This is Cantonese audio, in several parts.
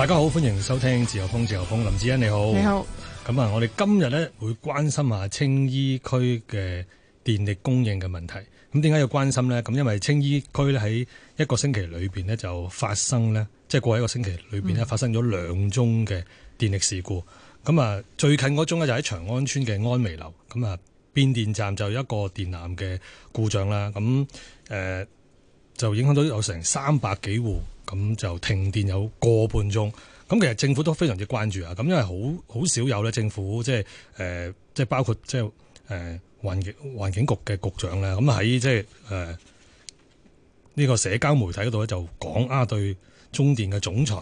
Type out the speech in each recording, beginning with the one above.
大家好，歡迎收聽自由風，自由 Phone，林子欣，你好，你好。咁啊，我哋今日咧，會關心下青衣區嘅電力供應嘅問題。咁點解要關心呢？咁因為青衣區咧，喺一個星期裏邊咧，就發生呢，即係過一個星期裏邊咧，發生咗兩宗嘅電力事故。咁啊、嗯，最近嗰宗咧，就喺長安村嘅安眉樓，咁啊變電站就有一個電纜嘅故障啦。咁誒、呃、就影響到有成三百幾戶。咁就停電有個半鐘，咁其實政府都非常之關注啊！咁因為好好少有咧，政府即係誒，即、呃、係包括即係誒環境環境局嘅局長咧，咁喺即係誒呢個社交媒體嗰度咧，就講啊對中電嘅總裁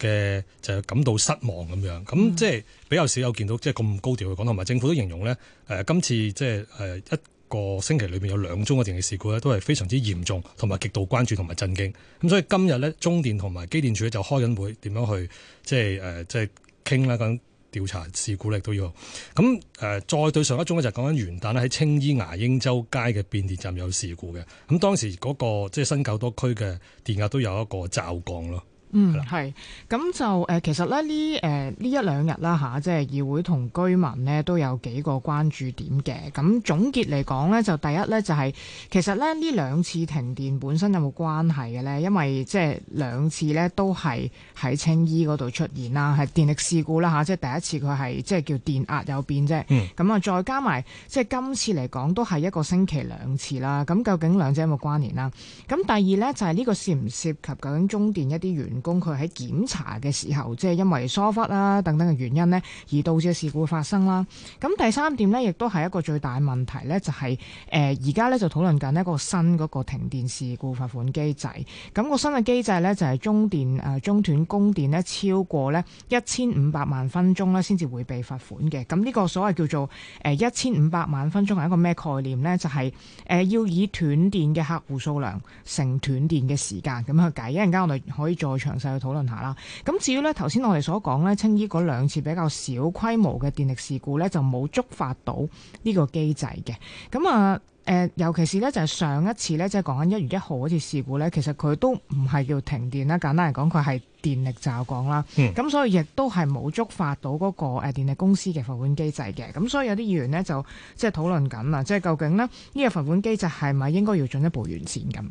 嘅就感到失望咁樣。咁即係比較少有見到即係咁高調嘅講，同埋政府都形容咧，誒、呃、今次即係誒一個星期裏面有兩宗嘅電力事故咧，都係非常之嚴重，同埋極度關注同埋震驚。咁、嗯、所以今日呢，中電同埋機電署咧就開緊會，點樣去即係誒，即係傾啦，咁、呃、調查事故咧都要。咁、嗯、誒、呃，再對上一宗咧就講緊元旦咧喺青衣牙鷹洲街嘅變電站有事故嘅。咁、嗯、當時嗰、那個即係新九多區嘅電壓都有一個驟降。咯。嗯，係，咁就誒，其實咧呢誒呢一兩日啦吓，即係議會同居民咧都有幾個關注點嘅。咁總結嚟講咧，就第一咧就係、是、其實咧呢兩次停電本身有冇關係嘅咧？因為即係兩次咧都係喺青衣嗰度出現啦，係電力事故啦吓，即係第一次佢係即係叫電壓有變啫。嗯。咁啊，再加埋即係今次嚟講都係一個星期兩次啦。咁究竟兩者有冇關聯啦？咁第二咧就係呢個涉唔涉及究竟中電一啲原？工佢喺檢查嘅時候，即係因為疏忽啦等等嘅原因咧，而導致嘅事故發生啦。咁第三點咧，亦都係一個最大問題咧，就係誒而家咧就討論緊一個新嗰個停電事故罰款機制。咁個新嘅機制咧，就係中電誒中斷供電咧超過咧一千五百萬分鐘咧，先至會被罰款嘅。咁呢個所謂叫做誒一千五百萬分鐘係一個咩概念咧？就係誒要以斷電嘅客戶數量乘斷電嘅時間，咁去計，一陣間我哋可以再詳細去討論下啦。咁至於咧，頭先我哋所講咧，青衣嗰兩次比較小規模嘅電力事故咧，就冇觸發到呢個機制嘅。咁啊，誒、呃，尤其是咧，就係、係、上一次咧，即係講緊一月一號嗰次事故咧，其實佢都唔係叫停電啦。簡單嚟講，佢係電力驟降啦。咁、嗯、所以亦都係冇觸發到嗰個誒電力公司嘅罰款機制嘅。咁所以有啲議員呢，就即係討論緊啊，即係究竟呢，呢、呢個罰款機制係咪應該要進一步完善咁？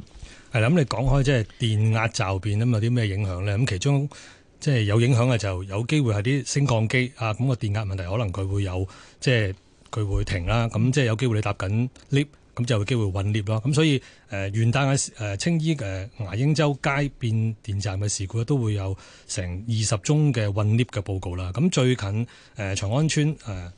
係啦，咁你講開即係電壓驟變咁有啲咩影響咧？咁其中即係有影響嘅就有機會係啲升降機啊。咁個電壓問題可能佢會有即係佢會停啦。咁即係有機會你搭緊 lift，咁就有機會困 lift 咯。咁所以誒元旦嘅誒青衣誒牙鷹洲街變電站嘅事故咧，都會有成二十宗嘅困 lift 嘅報告啦。咁最近誒長安村誒安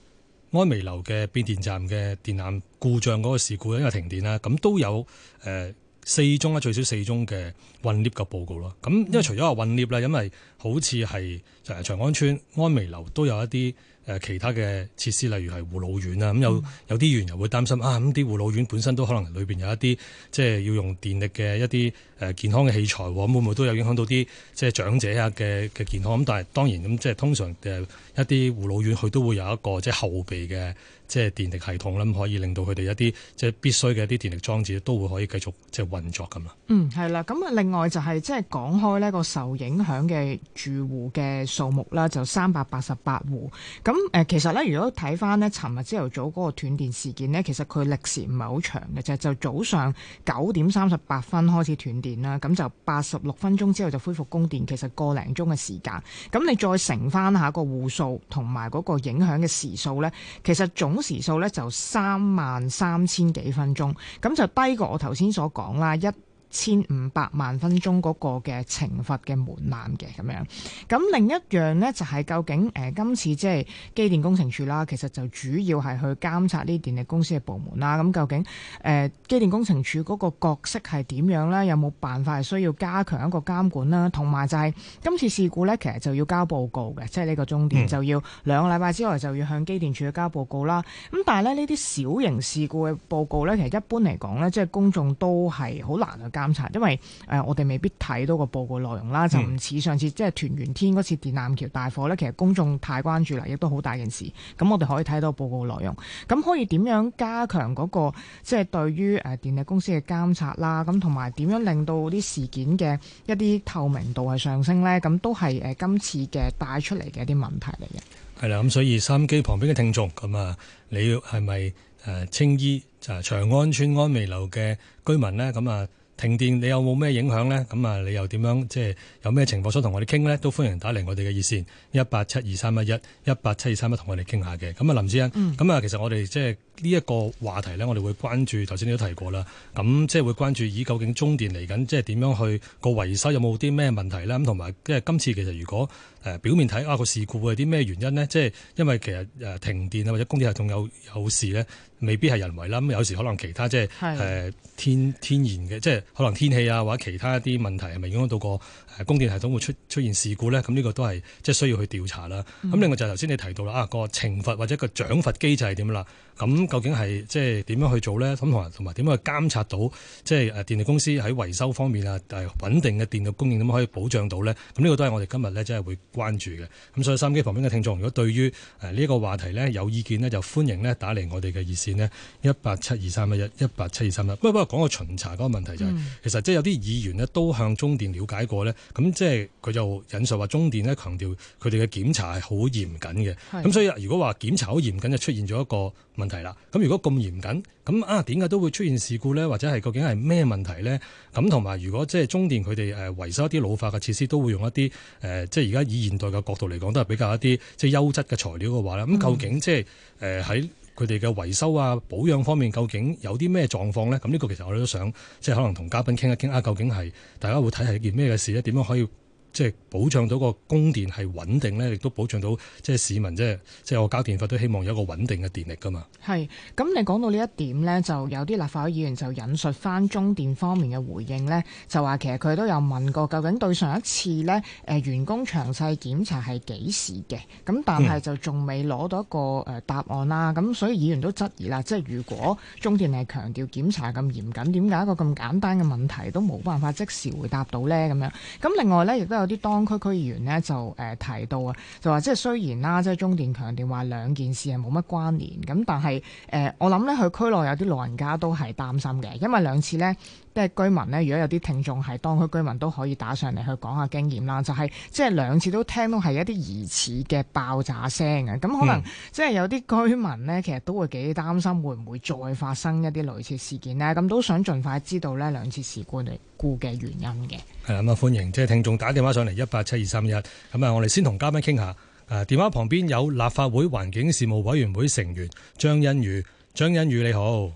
湄樓嘅變電站嘅電纜故障嗰個事故，因為停電啦，咁都有誒。呃四宗啦，最少四宗嘅困 𨋢 嘅報告咯。咁因為除咗話困 𨋢 啦，嗯、因為好似係誒長安邨安湄樓都有一啲誒其他嘅設施，例如係護老院啊。咁、嗯、有有啲人又會擔心啊，咁啲護老院本身都可能裏邊有一啲即係要用電力嘅一啲誒健康嘅器材，會唔會都有影響到啲即係長者啊嘅嘅健康？咁但係當然咁即係通常誒一啲護老院佢都會有一個即係後備嘅。即係電力系統啦，可以令到佢哋一啲即係必須嘅一啲電力裝置都會可以繼續即係運作咁啦。嗯，係啦。咁啊，另外就係、是、即係講開呢個受影響嘅住戶嘅數目啦，就三百八十八戶。咁誒、呃、其實咧，如果睇翻咧，尋日朝頭早嗰個斷電事件咧，其實佢歷時唔係好長嘅，啫，就早上九點三十八分開始斷電啦，咁就八十六分鐘之後就恢復供電，其實個零鐘嘅時間，咁你再乘翻下個戶數同埋嗰個影響嘅時數咧，其實仲。總時數咧就三萬三千幾分鐘，咁就低過我頭先所講啦一千五百萬分鐘嗰個嘅懲罰嘅門檻嘅咁樣，咁另一樣咧就係、是、究竟誒、呃、今次即係機電工程署啦，其實就主要係去監察啲電力公司嘅部門啦。咁、嗯、究竟誒機、呃、電工程署嗰個角色係點樣咧？有冇辦法係需要加強一個監管啦？同埋就係今次事故咧，其實就要交報告嘅，即係呢個重點就要兩個禮拜之內就要向機電署去交報告啦。咁但係咧呢啲小型事故嘅報告咧，其實一般嚟講咧，即係公眾都係好難去交。監察，因為誒，我哋未必睇到個報告內容啦，嗯、就唔似上次即係屯元天嗰次電纜橋大火呢，其實公眾太關注啦，亦都好大件事。咁我哋可以睇到報告內容，咁可以點樣加強嗰、嗰個即係對於誒電力公司嘅監察啦？咁同埋點樣令到啲事件嘅一啲透明度係上升呢？咁都係誒今次嘅帶出嚟嘅一啲問題嚟嘅。係啦，咁所以收音機旁邊嘅聽眾，咁啊，你係咪誒青衣就長安村安美樓嘅居民呢？咁啊？停電你有冇咩影響呢？咁啊，你又點樣即係有咩情況想同我哋傾呢？都歡迎打嚟我哋嘅熱線 11, 一八七二三一一一八七二三一同我哋傾下嘅。咁啊，林志欣，咁啊、嗯，其實我哋即係。呢一個話題咧，我哋會關注頭先你都提過啦，咁、嗯、即係會關注咦，究竟中電嚟緊即係點樣去個維修有冇啲咩問題咧？咁同埋即係今次其實如果誒、呃、表面睇啊個事故會係啲咩原因咧？即係因為其實誒、呃、停電啊或者供電系統有有事咧，未必係人為啦。咁、嗯、有時可能其他即係誒、呃、天天然嘅，即係可能天氣啊或者其他一啲問題係咪影響到個供電系統會出出現事故咧，咁、這、呢個都係即係需要去調查啦。咁另外就係頭先你提到啦，嗯、啊個懲罰或者個獎罰機制係點啦？咁、嗯、究竟係即係點樣去做咧？咁同埋同埋點樣去監察到即係誒電力公司喺維修方面啊誒穩定嘅電力供應點樣可以保障到咧？咁、這、呢個都係我哋今日咧真係會關注嘅。咁所以收音機旁邊嘅聽眾，如果對於誒呢一個話題咧有意見呢，就歡迎咧打嚟我哋嘅熱線呢。一八七二三一，一八七二三一。不過講個巡查嗰個問題就係、是，嗯、其實即係有啲議員呢都向中電了解過咧。咁即係佢就引述話，中電咧強調佢哋嘅檢查係好嚴謹嘅。咁的所以如果話檢查好嚴謹，就出現咗一個問題啦。咁如果咁嚴謹，咁啊點解都會出現事故咧？或者係究竟係咩問題咧？咁同埋如果即係中電佢哋誒維修一啲老化嘅設施，都會用一啲誒、呃、即係而家以現代嘅角度嚟講，都係比較一啲即係優質嘅材料嘅話咧。咁、嗯、究竟即係誒喺，呃佢哋嘅維修啊、保養方面究竟有啲咩狀況咧？咁呢個其實我哋都想即係可能同嘉賓傾一傾啊，究竟係大家會睇係一件咩嘅事咧？點樣可以？即係保障到個供電係穩定咧，亦都保障到即係市民，即係即係我交電費都希望有一個穩定嘅電力㗎嘛。係，咁你講到呢一點呢，就有啲立法會議員就引述返中電方面嘅回應呢，就話其實佢都有問過，究竟對上一次呢誒員工詳細檢查係幾時嘅？咁但係就仲未攞到一個誒答案啦。咁、嗯、所以議員都質疑啦，即係如果中電係強調檢查咁嚴謹，點解一個咁簡單嘅問題都冇辦法即時回答到呢？咁樣，咁另外呢，亦都有。有啲當區區議員咧就誒、呃、提到啊，就話即係雖然啦，即係中電強調話兩件事係冇乜關聯，咁但係誒、呃、我諗咧，佢區內有啲老人家都係擔心嘅，因為兩次咧。即係居民呢，如果有啲聽眾，係當區居民，都可以打上嚟去講下經驗啦。就係、是、即係兩次都聽到係一啲疑似嘅爆炸聲嘅，咁可能、嗯、即係有啲居民呢，其實都會幾擔心會唔會再發生一啲類似事件呢。咁都想盡快知道呢兩次事關事故嘅原因嘅。係啊、嗯，咁啊歡迎即係、就是、聽眾打電話上嚟一八七二三一，咁啊我哋先同嘉賓傾下。誒電話旁邊有立法會環境事務委員會成員張欣宇，張欣宇你好。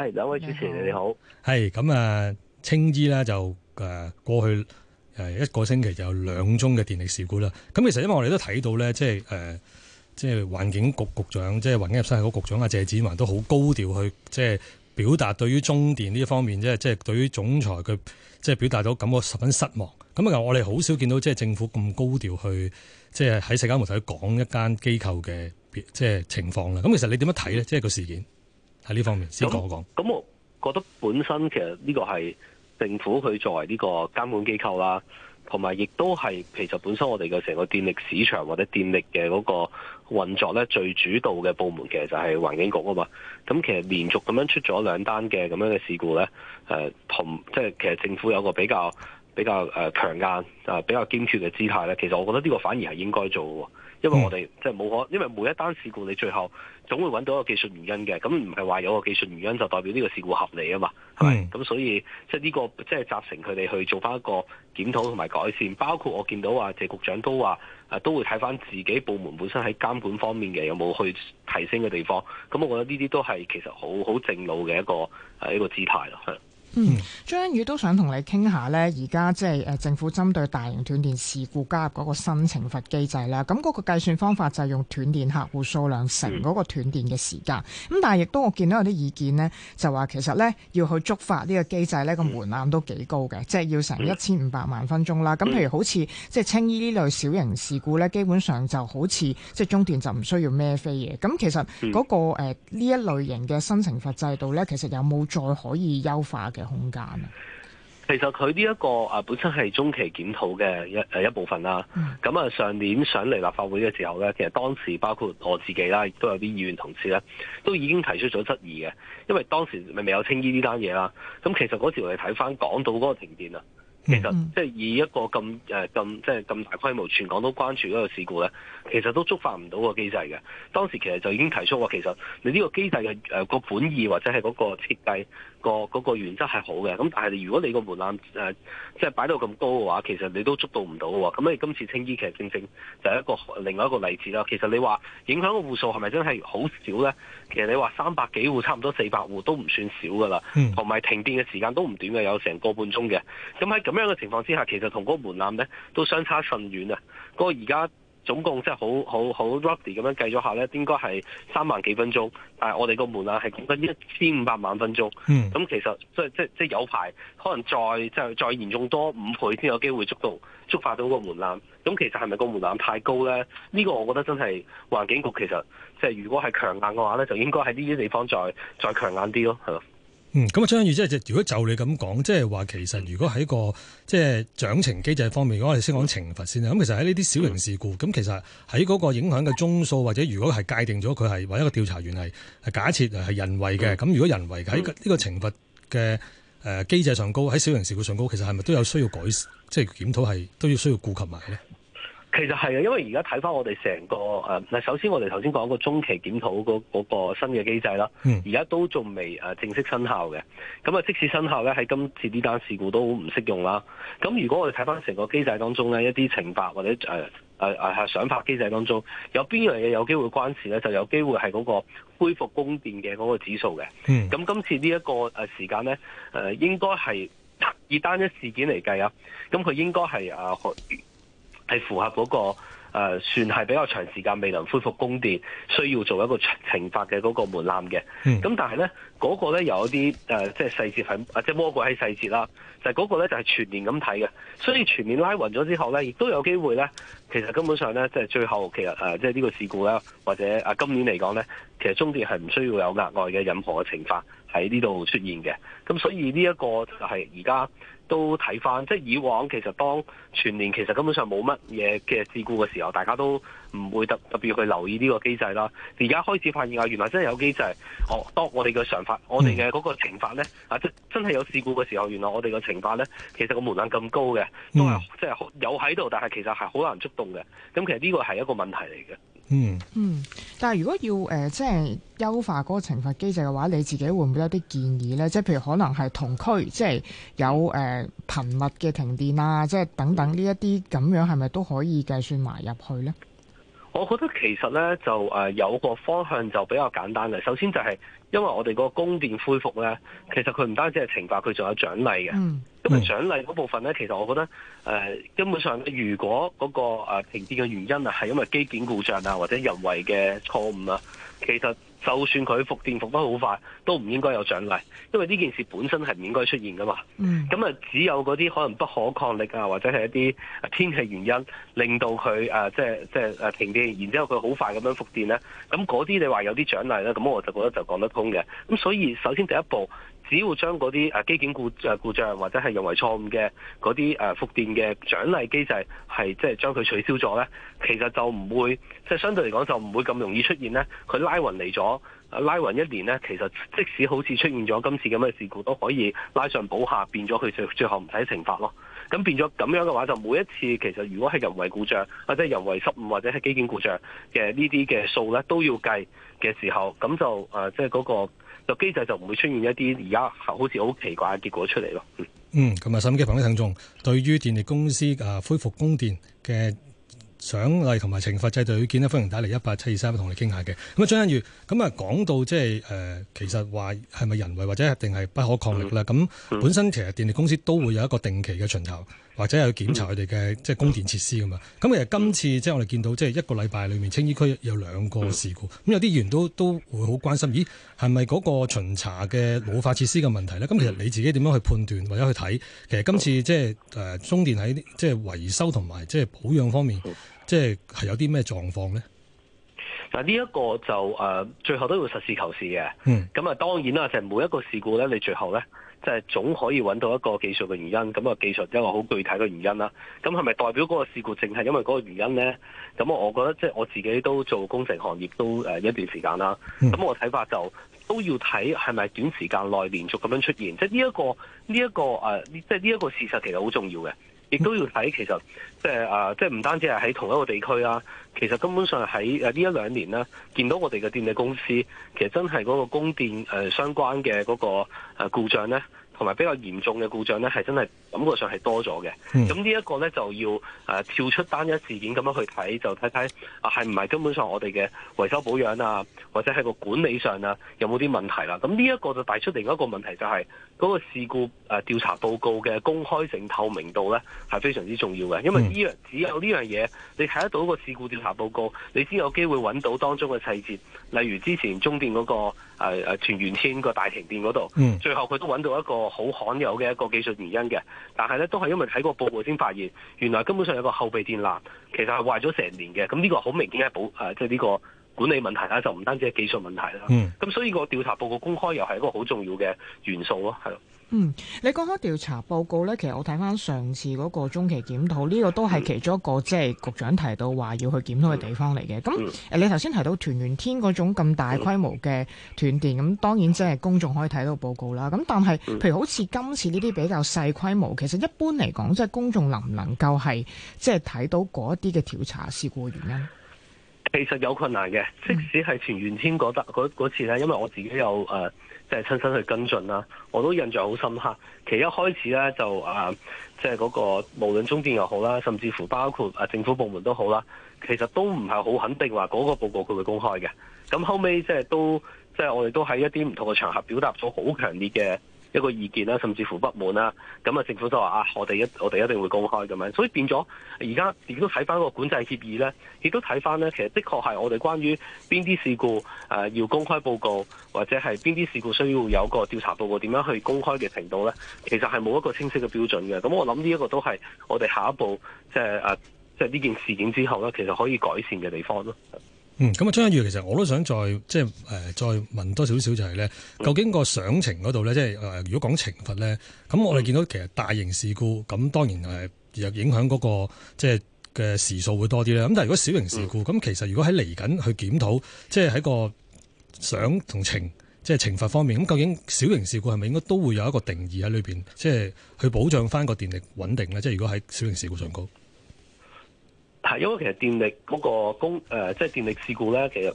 係兩位主持，你好。係咁啊，青衣呢就誒、呃、過去誒一個星期就有兩宗嘅電力事故啦。咁其實因為我哋都睇到咧，即係誒、呃、即係環境局局長，即係環境及生態局局長阿謝展寰都好高調去即係表達對於中電呢一方面，即係即係對於總裁佢即係表達到感覺十分失望。咁啊，我哋好少見到即係政府咁高調去即係喺社交媒體講一間機構嘅即係情況啦。咁其實你點樣睇呢？即係個事件？喺呢方面先講，我講咁，我覺得本身其實呢個係政府佢作為呢個監管機構啦，同埋亦都係其實本身我哋嘅成個電力市場或者電力嘅嗰個運作咧，最主導嘅部門其實就係環境局啊嘛。咁其實連續咁樣出咗兩單嘅咁樣嘅事故咧，誒、呃、同即係其實政府有個比較比較誒強硬、誒比較堅決嘅姿態咧。其實我覺得呢個反而係應該做嘅，因為我哋即係冇可，嗯、因為每一單事故你最後，總會揾到一個技術原因嘅，咁唔係話有個技術原因就代表呢個事故合理啊嘛，係咪是？咁所以即係、這、呢個即係集成佢哋去做翻一個檢討同埋改善，包括我見到啊，謝局長都話啊，都會睇翻自己部門本身喺監管方面嘅有冇去提升嘅地方，咁我覺得呢啲都係其實好好正路嘅一個係、啊、一個姿態咯。嗯，張欣宇，都想同你傾下咧，而家即係誒政府針對大型斷電事故加入嗰個新懲罰機制啦。咁嗰個計算方法就係用斷電客戶數量乘嗰個斷電嘅時間，咁但係亦都我見到有啲意見咧，就話其實咧要去觸發呢個機制咧個門檻都幾高嘅，即係要成一千五百萬分鐘啦。咁譬如好似即係青衣呢類小型事故咧，基本上就好似即係中電就唔需要咩飛嘢，咁其實嗰，那個誒呢、呃、一類型嘅新懲罰制度咧，其實有冇再可以優化嘅空間其實佢呢一個啊本身係中期檢討嘅一一,一部分啦。咁啊上年上嚟立法會嘅時候呢，其實當時包括我自己啦，亦都有啲議員同事咧，都已經提出咗質疑嘅。因為當時未未有青衣呢單嘢啦。咁其實嗰時我哋睇翻港島嗰個停電啊，其實即係以一個咁誒咁即係咁大規模，全港都關注嗰個事故呢，其實都觸發唔到個機制嘅。當時其實就已經提出過、啊，其實你呢個機制嘅誒個本意或者係嗰個設計。個嗰個原則係好嘅，咁但係如果你個門檻誒即係擺到咁高嘅話，其實你都捉到唔到喎。咁你今次青衣其實正正正就係一個另外一個例子啦。其實你話影響嘅戶數係咪真係好少呢？其實你話三百幾戶差唔多四百戶都唔算少噶啦，同埋停電嘅時間都唔短嘅，有成個半鐘嘅。咁喺咁樣嘅情況之下，其實同嗰個門檻呢都相差甚遠啊。嗰個而家。總共即係好好好 rough 咁樣計咗下咧，應該係三萬幾分鐘，但係我哋個門檻係講緊一千五百萬分鐘。咁、嗯嗯、其實即係即係即係有排可能再即係再嚴重多五倍先有機會觸到觸發到個門檻。咁、嗯、其實係咪個門檻太高咧？呢、呢個我覺得真係環境局其實即係如果係強硬嘅話咧，就應該喺呢啲地方再再強硬啲咯、啊，係咯。嗯，咁啊張欣宇，即係如果就你咁講，即係話其實如果喺個即係獎懲機制方面，如果我哋先講懲罰先啦。咁其實喺呢啲小型事故，咁、嗯、其實喺嗰個影響嘅宗數，或者如果係界定咗佢係為一個調查員係假設係人為嘅，咁、嗯、如果人為喺呢個懲罰嘅誒、呃、機制上高，喺小型事故上高，其實係咪都有需要改，即係檢討係都要需要顧及埋咧？其實係啊，因為而家睇翻我哋成個誒，嗱、呃、首先我哋頭先講個中期檢討嗰嗰個新嘅機制啦，而家、mm. 都仲未誒正式生效嘅。咁啊，即使生效咧，喺今次呢單事故都唔適用啦。咁如果我哋睇翻成個機制當中咧，一啲懲罰或者誒誒誒賞罰機制當中，有邊樣嘢有機會關事咧，就有機會係嗰個恢復供電嘅嗰個指數嘅。咁、mm. 今次呢一個誒時間咧，誒、呃、應該係以單一事件嚟計啊，咁佢應該係啊。係符合嗰、那個誒、呃，算係比較長時間未能恢復供電，需要做一個懲罰嘅嗰個門檻嘅。嗯，咁但係咧，嗰個咧有一啲誒、呃，即係細節係，啊即係魔鬼喺細節啦。就係、是、嗰個咧，就係、是、全年咁睇嘅。所以全年拉勻咗之後咧，亦都有機會咧。其實根本上咧，即係最後其實誒、呃，即係呢個事故咧，或者啊今年嚟講咧，其實中電係唔需要有額外嘅任何嘅懲罰喺呢度出現嘅。咁所以呢一個就係而家都睇翻，即係以往其實當全年其實根本上冇乜嘢嘅事故嘅時候，大家都。唔會特特別去留意呢個機制啦。而家開始發現啊，原來真係有機制。哦，當我哋嘅常法，嗯、我哋嘅嗰個懲罰咧啊，真真係有事故嘅時候，原來我哋嘅懲罰咧，其實個門檻咁高嘅，都係、嗯、即係有喺度，但係其實係好難觸動嘅。咁其實呢個係一個問題嚟嘅。嗯嗯，但係如果要誒、呃，即係優化嗰個懲罰機制嘅話，你自己會唔會有啲建議咧？即係譬如可能係同區，即係有誒、呃、頻密嘅停電啊，即係等等呢一啲咁樣，係咪都可以計算埋入去咧？我覺得其實咧就誒、呃、有個方向就比較簡單嘅，首先就係因為我哋個供電恢復咧，其實佢唔單止係懲罰，佢仲有獎勵嘅。因為獎勵嗰部分咧，其實我覺得誒根本上，如果嗰個誒停電嘅原因啊，係因為機件故障啊，或者人為嘅錯誤啊，其實。就算佢復電復得好快，都唔應該有獎勵，因為呢件事本身係唔應該出現噶嘛。咁啊，就只有嗰啲可能不可抗力啊，或者係一啲天氣原因，令到佢啊、呃、即係即係啊停電，然之後佢好快咁樣復電咧。咁嗰啲你話有啲獎勵咧，咁我就覺得就講得通嘅。咁所以首先第一步。只要將嗰啲誒機件故誒故障，故障或者係人為錯誤嘅嗰啲誒復電嘅獎勵機制係即係將佢取消咗咧，其實就唔會即係、就是、相對嚟講就唔會咁容易出現咧。佢拉勻嚟咗，拉勻一年咧，其實即使好似出現咗今次咁嘅事故都可以拉上補下，變咗佢最最後唔使懲罰咯。咁變咗咁樣嘅話，就每一次其實如果係人為故障或者人為失誤或者係機件故障嘅呢啲嘅數咧，都要計嘅時候，咁就誒即係嗰個。個機制就唔會出現一啲而家好似好奇怪嘅結果出嚟咯、嗯。嗯，咁、嗯、啊，收音機旁邊聽眾對於電力公司啊恢復供電嘅獎勵同埋懲罰制度意見咧，歡迎打嚟一八七二三，同你哋傾下嘅。咁啊、嗯，張欣宇咁啊，講到即係誒，其實話係咪人為或者一定係不可抗力咧？咁本身其實電力公司都會有一個定期嘅巡頭。或者去檢查佢哋嘅即係供電設施咁嘛。咁其實今次即係我哋見到即係一個禮拜裏面青衣區有兩個事故，咁有啲議員都都會好關心，咦係咪嗰個巡查嘅老化設施嘅問題咧？咁其實你自己點樣去判斷或者去睇？其實今次即係誒中電喺即係維修同埋即係保養方面，即係係有啲咩狀況咧？嗱呢一個就誒、呃、最後都要實事求是嘅。咁啊、嗯、當然啦，就係、每一個事故咧，你最後咧。即係總可以揾到一個技術嘅原因，咁、這、啊、個、技術即係話好具體嘅原因啦。咁係咪代表嗰個事故淨係因為嗰個原因咧？咁我覺得即係我自己都做工程行業都誒一段時間啦。咁我睇法就都要睇係咪短時間內連續咁樣出現，即係呢一個呢一、這個誒，即係呢一個事實其實好重要嘅。亦都要睇，其實即係啊，即係唔單止係喺同一個地區啦、啊，其實根本上喺誒呢一兩年咧，見到我哋嘅電力公司，其實真係嗰個供電誒、呃、相關嘅嗰個故障咧，同埋比較嚴重嘅故障咧，係真係感覺上係多咗嘅。咁、嗯、呢一個咧就要誒、呃、跳出單一事件咁樣去睇，就睇睇係唔係根本上我哋嘅維修保養啊，或者係個管理上有有啊，有冇啲問題啦？咁呢一個就帶出另一個問題，就係，就係。嗰個事故誒、呃、調查報告嘅公開性透明度咧，係非常之重要嘅，因為呢、這、樣、個、只有呢樣嘢，你睇得到個事故調查報告，你先有機會揾到當中嘅細節。例如之前中電嗰、那個誒誒、呃啊、全縣個大停電嗰度，最後佢都揾到一個好罕有嘅一個技術原因嘅，但係咧都係因為睇個報告先發現，原來根本上有個後備電纜其實係壞咗成年嘅。咁、嗯、呢、這個好明顯係保誒，即係呢個。管理問題啦，就唔單止係技術問題啦。咁、嗯、所以個調查報告公開又係一個好重要嘅元素咯，係咯。嗯，你講開調查報告咧，其實我睇翻上次嗰個中期檢討呢個都係其中一個、嗯、即係局長提到話要去檢討嘅地方嚟嘅。咁誒、嗯、你頭先提到團圓天嗰種咁大規模嘅斷電，咁、嗯、當然即係公眾可以睇到報告啦。咁但係譬如好似今次呢啲比較細規模，其實一般嚟講，即係公眾能唔能夠係即係睇到嗰一啲嘅調查事故原因？其實有困難嘅，即使係全元天嗰次咧，因為我自己有誒，即係親身去跟進啦，我都印象好深刻。其實一開始咧就誒，即係嗰個無論中電又好啦，甚至乎包括誒政府部門都好啦，其實都唔係好肯定話嗰個報告佢會公開嘅。咁後尾，即係都即係我哋都喺一啲唔同嘅場合表達咗好強烈嘅。一個意見啦，甚至乎不滿啦，咁、嗯、啊政府就話啊，我哋一我哋一定會公開，咁樣，所以變咗而家亦都睇返個管制協議咧，亦都睇返咧，其實的確係我哋關於邊啲事故誒、呃，要公開報告，或者係邊啲事故需要有個調查報告，點樣去公開嘅程度咧，其實係冇一個清晰嘅標準嘅。咁我諗呢一個都係我哋下一步即係誒，即係呢件事件之後咧，其實可以改善嘅地方咯。嗯，咁啊，張欣宇，其實我都想再即係誒，再問多少少就係、是、咧，究竟個上程嗰度咧，即係誒、呃，如果講懲罰咧，咁我哋見到其實大型事故，咁當然誒，影響嗰、那個即係嘅時數會多啲咧。咁但係如果小型事故，咁、嗯、其實如果喺嚟緊去檢討，即係喺個賞同懲，即係懲罰方面，咁究竟小型事故係咪應該都會有一個定義喺裏邊，即係去保障翻個電力穩定咧？即係如果喺小型事故上高。因為其實電力嗰個供誒、呃，即係電力事故咧，其實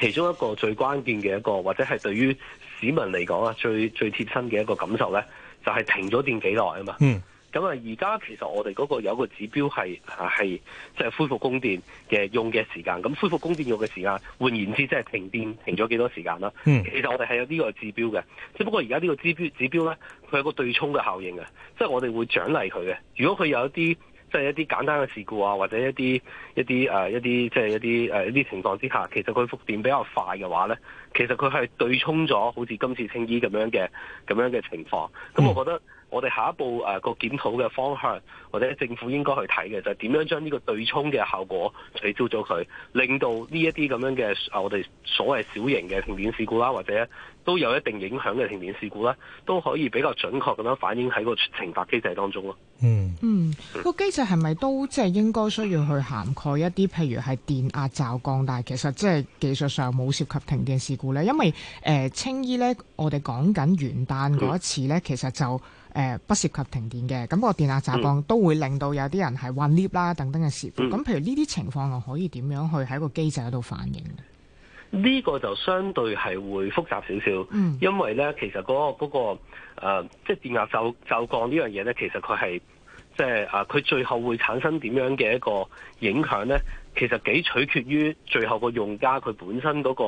其中一個最關鍵嘅一個，或者係對於市民嚟講啊，最最貼身嘅一個感受咧，就係、是、停咗電幾耐啊嘛。嗯。咁啊，而家其實我哋嗰個有個指標係係即係恢復供電嘅用嘅時間。咁恢復供電用嘅時間，換言之即係停電停咗幾多時間啦。嗯、其實我哋係有呢個指標嘅，只不過而家呢個指標指標咧，佢有個對沖嘅效應嘅，即、就、係、是、我哋會獎勵佢嘅。如果佢有一啲即係一啲簡單嘅事故啊，或者一啲一啲誒，一啲即係一啲誒，一啲、就是呃、情況之下，其實佢復電比較快嘅話咧。其實佢係對沖咗，好似今次青衣咁樣嘅咁樣嘅情況。咁我覺得我哋下一步誒、呃、個檢討嘅方向，或者政府應該去睇嘅就係、是、點樣將呢個對沖嘅效果取消咗佢，令到呢一啲咁樣嘅、啊、我哋所謂小型嘅停電事故啦，或者都有一定影響嘅停電事故啦，都可以比較準確咁樣反映喺個懲罰機制當中咯。嗯嗯，個、嗯嗯、機制係咪都即係應該需要去涵蓋一啲譬如係電壓驟降，但係其實即係技術上冇涉及停電事故。因為誒青、呃、衣呢，我哋講緊元旦嗰一次呢，其實就誒、呃、不涉及停電嘅，咁、那個電壓驟降都會令到有啲人係困 lift 啦等等嘅事故。咁、嗯、譬如呢啲情況，我可以點樣去喺個機制嗰度反映？呢個就相對係會複雜少少，嗯、因為呢，其實嗰、那個嗰、那個呃、即係電壓驟驟降呢樣嘢呢，其實佢係即係啊，佢最後會產生點樣嘅一個影響呢？其實幾取決於最後個用家佢本身嗰個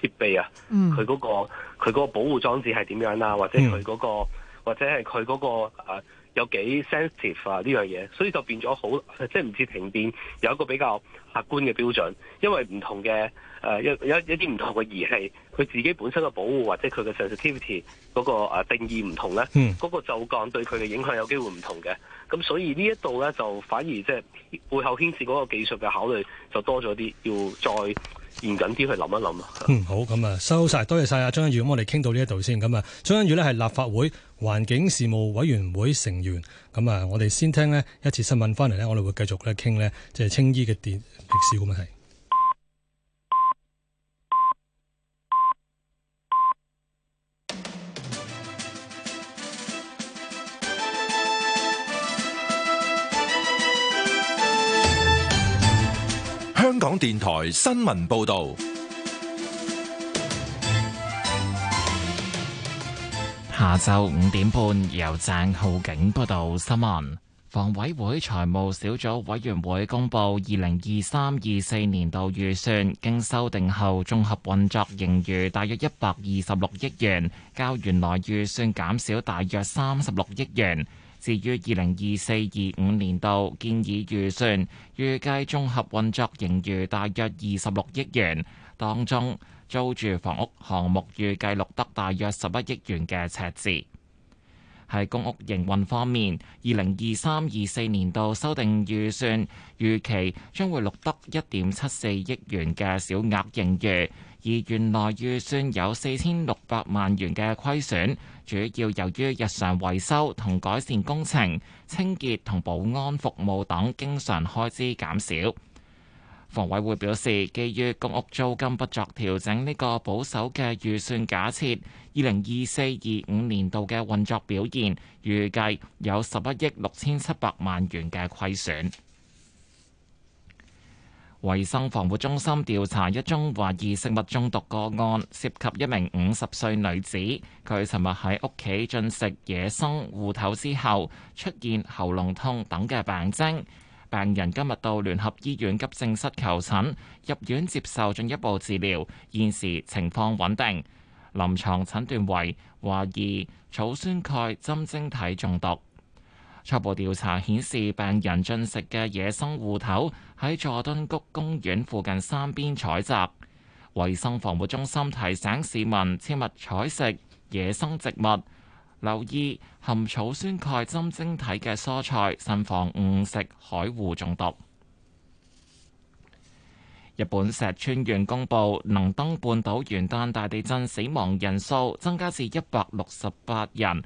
設備啊，佢嗰個、嗯、嗰個佢嗰個保護裝置係點樣啊？或者佢嗰個、嗰個、嗯、或者係佢嗰個、啊有幾 sensitive 啊呢樣嘢，所以就變咗好，即係唔似停電，有一個比較客觀嘅標準，因為唔同嘅誒、呃、一一一啲唔同嘅儀器，佢自己本身嘅保護或者佢嘅 sensitivity 嗰個定義唔同咧，嗰、嗯、個就降對佢嘅影響有機會唔同嘅，咁所以呢一度咧就反而即係背後牽涉嗰個技術嘅考慮就多咗啲，要再嚴謹啲去諗一諗咯。嗯，好，咁啊，收晒，多謝晒啊！張欣宇。咁我哋傾到呢一度先。咁啊，張欣宇呢係立法會環境事務委員會成員。咁啊，我哋先聽咧一次新聞翻嚟呢，我哋會繼續咧傾咧，即係青衣嘅電力事故嘅問題。香港電台新聞報道，下晝五點半由鄭浩景報道新聞。房委會財務小組委員會公布，二零二三二四年度預算經修訂後，綜合運作盈餘大約一百二十六億元，較原來預算減少大約三十六億元。至於二零二四二五年度建議預算，預計綜合運作盈餘大約二十六億元，當中租住房屋項目預計錄得大約十一億元嘅赤字。喺公屋營運方面，二零二三二四年度修訂預算，預期將會錄得一點七四億元嘅小額盈餘，而原來預算有四千六百萬元嘅虧損。主要由於日常維修同改善工程、清潔同保安服務等經常開支減少，房委會表示，基於公屋租金不作調整，呢個保守嘅預算假設，二零二四、二五年度嘅運作表現預計有十一億六千七百萬元嘅虧損。衛生防護中心調查一宗懷疑食物中毒個案，涉及一名五十歲女子。佢尋日喺屋企進食野生芋頭之後，出現喉嚨痛等嘅病徵。病人今日到聯合醫院急症室求診，入院接受進一步治療，現時情況穩定。臨床診斷為懷疑草酸鈣針晶體中毒。初步調查顯示，病人進食嘅野生芋頭。喺佐敦谷公園附近山邊採摘，衞生防護中心提醒市民切勿採食野生植物，留意含草酸鈣針晶體嘅蔬菜，慎防誤食海芋中毒。日本石川縣公佈能登半島元旦大地震死亡人數增加至一百六十八人。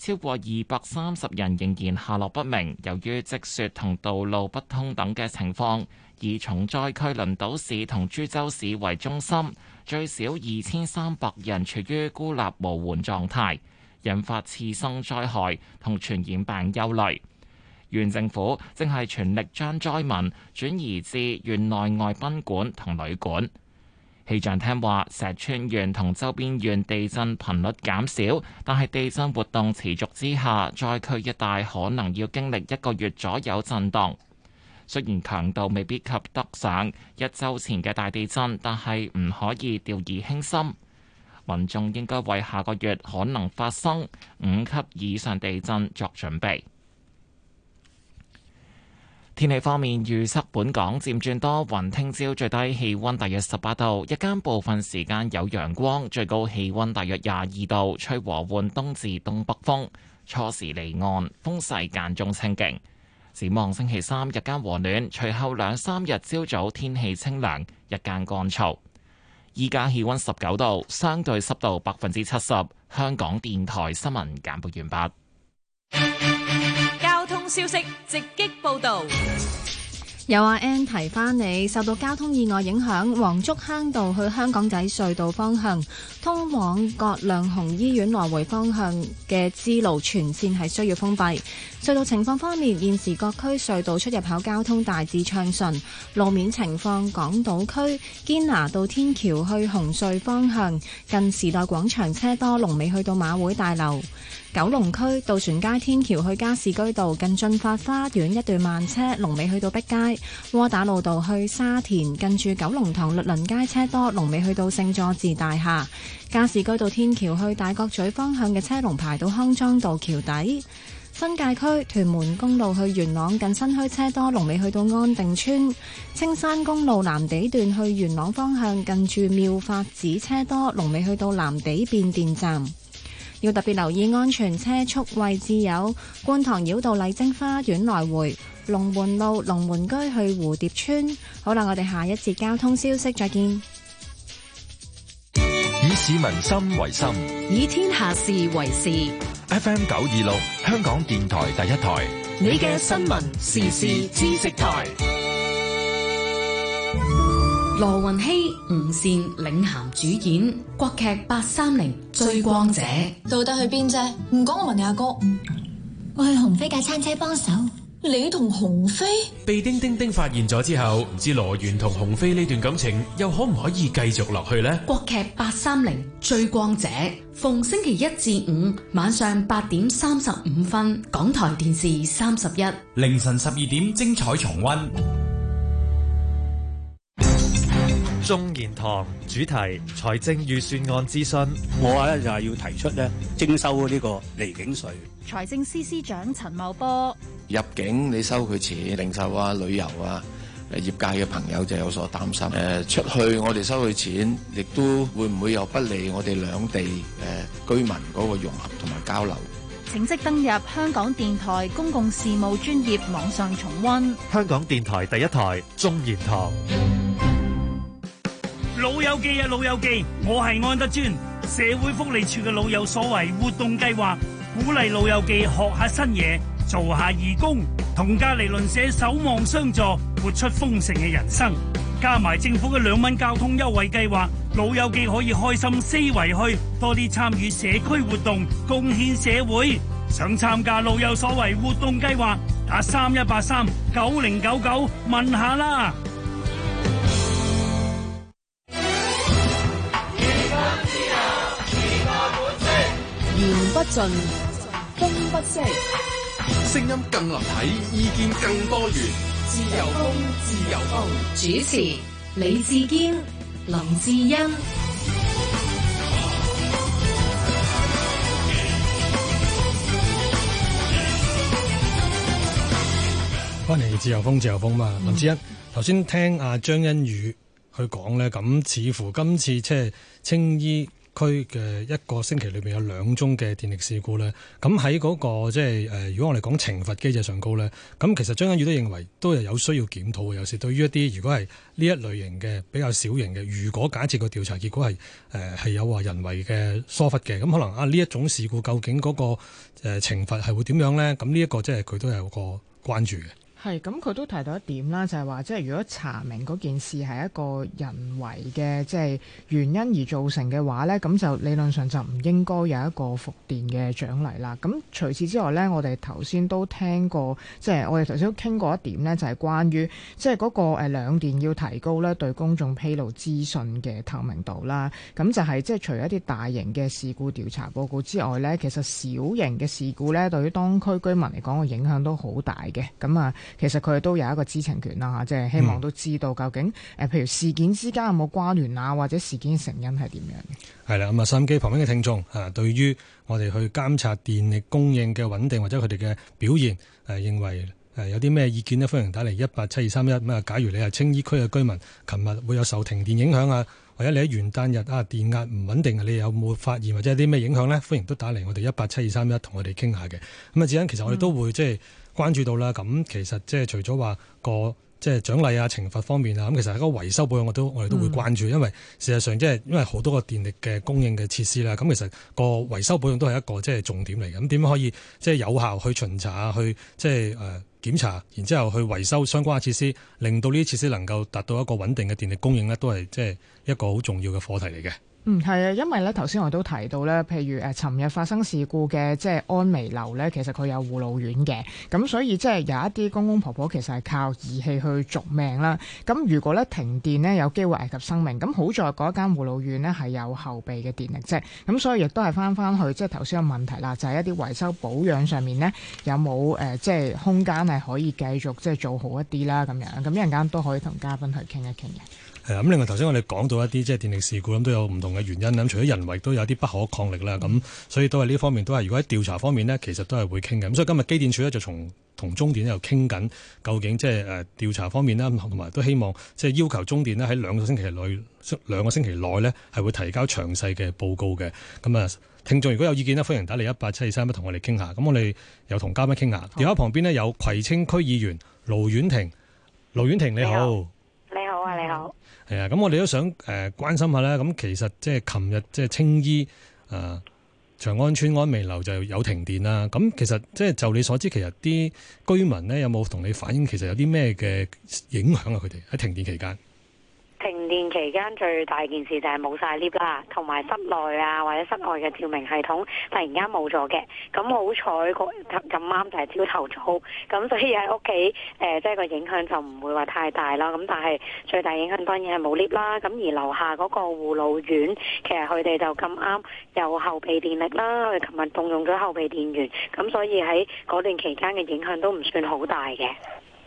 超過二百三十人仍然下落不明，由於積雪同道路不通等嘅情況，以重災區輪島市同珠洲市為中心，最少二千三百人處於孤立無援狀態，引發次生災害同傳染病憂慮。縣政府正係全力將災民轉移至縣內外賓館同旅館。氣象廳話，石川縣同周邊縣地震頻率減少，但係地震活動持續之下，災區一帶可能要經歷一個月左右震動。雖然強度未必及得上一周前嘅大地震，但係唔可以掉以輕心。民眾應該為下個月可能發生五級以上地震作準備。天氣方面，預測本港漸轉多雲，聽朝最低氣溫大約十八度，日間部分時間有陽光，最高氣溫大約廿二度，吹和緩東至東北風，初時離岸，風勢間中清勁。展望星期三日間和暖，隨後兩三日朝早，早天氣清涼，日間乾燥。依家氣溫十九度，相對濕度百分之七十。香港電台新聞簡報完畢。 消息直擊報道，有阿 Ann 提翻你，受到交通意外影響，黃竹坑道去香港仔隧道方向，通往葛量洪醫院來回方向嘅支路全線係需要封閉。隧道情況方面，現時各區隧道出入口交通大致暢順。路面情況，港島區堅拿道天橋去紅隧方向近時代廣場車多，龍尾去到馬會大樓。九龍區渡船街天橋去加士居道，近駿發花園一段慢車，龍尾去到碧街；窩打老道，去沙田近住九龍塘律倫街車多，龍尾去到聖佐治大廈。加士居道天橋去大角咀方向嘅車龍排到康莊道橋底。新界區屯門公路去元朗近新墟車多，龍尾去到安定村。青山公路藍地段，去元朗方向近住妙法寺車多，龍尾去到藍地變電站。要特別留意安全車速位置，有觀塘繞道麗晶花園來回、龍門路龍門居去蝴蝶村。好啦，我哋下一節交通消息，再見。以市民心為心，以天下事為事。FM 九二六，香港電台第一台，你嘅新聞時事知識台。羅雲熙、吳善、領銜主演國劇《八三零追光者》，到底去邊啫？唔講我問你阿哥，哥，我去鴻飛架餐車幫手。你同鴻飛被丁丁丁發現咗之後，唔知羅源同鴻飛呢段感情又可唔可以繼續落去呢？國劇《八三零追光者》逢星期一至五晚上八點三十五分，港台電視三十一，凌晨十二點精彩重溫。中研堂主題財政預算案諮詢，我話咧就係要提出咧徵收呢個離境稅。財政司司長陳茂波，入境你收佢錢，零售啊、旅遊啊，誒，業界嘅朋友就有所擔心。誒、呃，出去我哋收佢錢，亦都會唔會有不利我哋兩地誒、呃、居民嗰個融合同埋交流？請即登入香港電台公共事務專業網上重温。香港電台第一台中研堂。老友記啊，老友記，我係安德尊，社會福利處嘅老友所為活動計劃，鼓勵老友記學下新嘢，做下義工，同隔籬鄰舍守望相助，活出豐盛嘅人生。加埋政府嘅兩蚊交通優惠計劃，老友記可以開心四圍去，多啲參與社區活動，貢獻社會。想參加老友所為活動計劃，打三一八三九零九九問下啦。不盡風不息，聲音更立體，意見更多元。自由風，自由風。主持李志堅、林志恩，歡迎、啊《自由風、啊》嗯《自由風》嘛。林志恩，頭先聽阿張欣宇去講咧，咁似乎今次即係青衣。區嘅一個星期裏邊有兩宗嘅電力事故呢。咁喺嗰個即係誒、呃，如果我哋講懲罰機制上高呢，咁其實張欣宇都認為都係有需要檢討嘅。尤其是對於一啲如果係呢一類型嘅比較小型嘅，如果假設個調查結果係誒係有話人為嘅疏忽嘅，咁可能啊呢一種事故究竟嗰個誒懲罰係會點樣呢？咁呢一個即係佢都有個關注嘅。係，咁佢都提到一點啦，就係話，即係如果查明嗰件事係一個人為嘅，即係原因而造成嘅話咧，咁就理論上就唔應該有一個復電嘅獎勵啦。咁除此之外咧，我哋頭先都聽過，即係我哋頭先都傾過一點咧，就係關於即係嗰個誒兩電要提高咧對公眾披露資訊嘅透明度啦。咁就係即係除咗一啲大型嘅事故調查報告之外咧，其實小型嘅事故咧對於當區居民嚟講個影響都好大嘅。咁啊～其實佢哋都有一個知情權啦，嚇，即係希望都知道究竟誒，嗯、譬如事件之間有冇關聯啊，或者事件嘅成因係點樣？係啦，咁啊，收音機旁邊嘅聽眾啊，對於我哋去監察電力供應嘅穩定或者佢哋嘅表現，誒認為誒有啲咩意見呢？歡迎打嚟一八七二三一。咁啊，假如你係青衣區嘅居民，琴日會有受停電影響啊，或者你喺元旦日啊電壓唔穩定，你有冇發現或者有啲咩影響呢？歡迎都打嚟我哋一八七二三一同我哋傾下嘅。咁啊，只因其實我哋都會即係，嗯關注到啦，咁其實即係除咗話個即係獎勵啊、懲罰方面啊，咁其實嗰個維修保養我都我哋都會關注，嗯、因為事實上即係因為好多個電力嘅供應嘅設施啦，咁其實個維修保養都係一個即係重點嚟嘅。咁點樣可以即係有效去巡查、去即係誒檢查，然之後去維修相關嘅設施，令到呢啲設施能夠達到一個穩定嘅電力供應呢？都係即係一個好重要嘅課題嚟嘅。嗯，係啊，因為咧，頭先我都提到咧，譬如誒，尋、呃、日發生事故嘅即係安眉樓咧，其實佢有護老院嘅，咁所以即係有一啲公公婆婆，婆其實係靠儀器去續命啦。咁如果咧停電呢，有機會危及生命。咁好在嗰一間護老院呢，係有後備嘅電力啫。咁所以亦都係返返去，即係頭先嘅問題啦，就係、是、一啲維修保養上面呢，有冇誒、呃，即係空間係可以繼續即係做好一啲啦，咁樣咁一陣間都可以同嘉賓去傾一傾嘅。另外頭先我哋講到一啲即係電力事故咁，都有唔同嘅原因咁。除咗人為，都有啲不可抗力啦。咁、嗯、所以都係呢方面都係。如果喺調查方面呢，其實都係會傾嘅。咁所以今日機電署咧就從同中電又傾緊，究竟即係誒調查方面啦，同埋都希望即係、就是、要求中電呢，喺兩個星期內，兩個星期內咧係會提交詳細嘅報告嘅。咁啊，聽眾如果有意見咧，歡迎打嚟一八七二三一，同我哋傾下。咁我哋又同嘉賓傾下，電話旁邊呢，有葵青區議員盧婉婷。盧婉婷你，你好，你好啊，你好。係啊，咁、嗯、我哋都想誒、呃、關心下咧。咁其實即係琴日即係青衣誒、呃、長安邨安湄樓就有停電啦。咁、嗯、其實即係就你所知，其實啲居民咧有冇同你反映其實有啲咩嘅影響啊？佢哋喺停電期間。停電期間最大件事就係冇晒 lift 啦，同埋室內啊或者室外嘅照明系統突然間冇咗嘅，咁好彩佢咁啱就係朝頭早，咁所以喺屋企誒即係個影響就唔會話太大啦，咁但係最大影響當然係冇 lift 啦，咁而樓下嗰個護老院其實佢哋就咁啱有後備電力啦，佢哋琴日動用咗後備電源，咁所以喺嗰段期間嘅影響都唔算好大嘅。